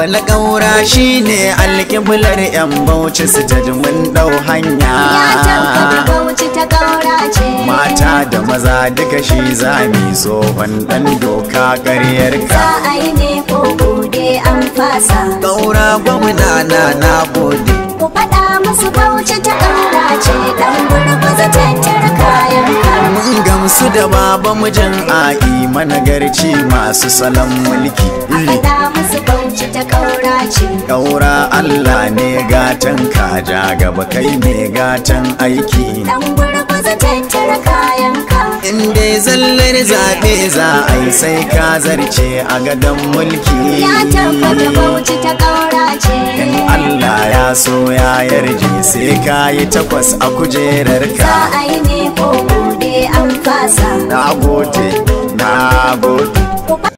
falagaura shi ne alkiblar 'yan bauchi su jaji mun ɗau hanya mata da maza duka shi za mi tsohon ɗan doka ƙaryar ka ƙaura gwamna na na gode ku faɗa musu bauchi ta ƙaura ce ɗan gurguza tantar kayan mun gamsu da baba mijin a'i managarci masu salon mulki ta kaura ce kaura Allah ne gatan kaja gaba kai ne gatan aiki dan gurguza tattara kayan ka in dai zallar zabe za a yi sai ka zarce a gadon mulki ya tabbata bauchi ta kaura ce in Allah ya so ya yarje sai ka yi takwas a kujerar ka za a yi ne ko bude an fasa na gode na gode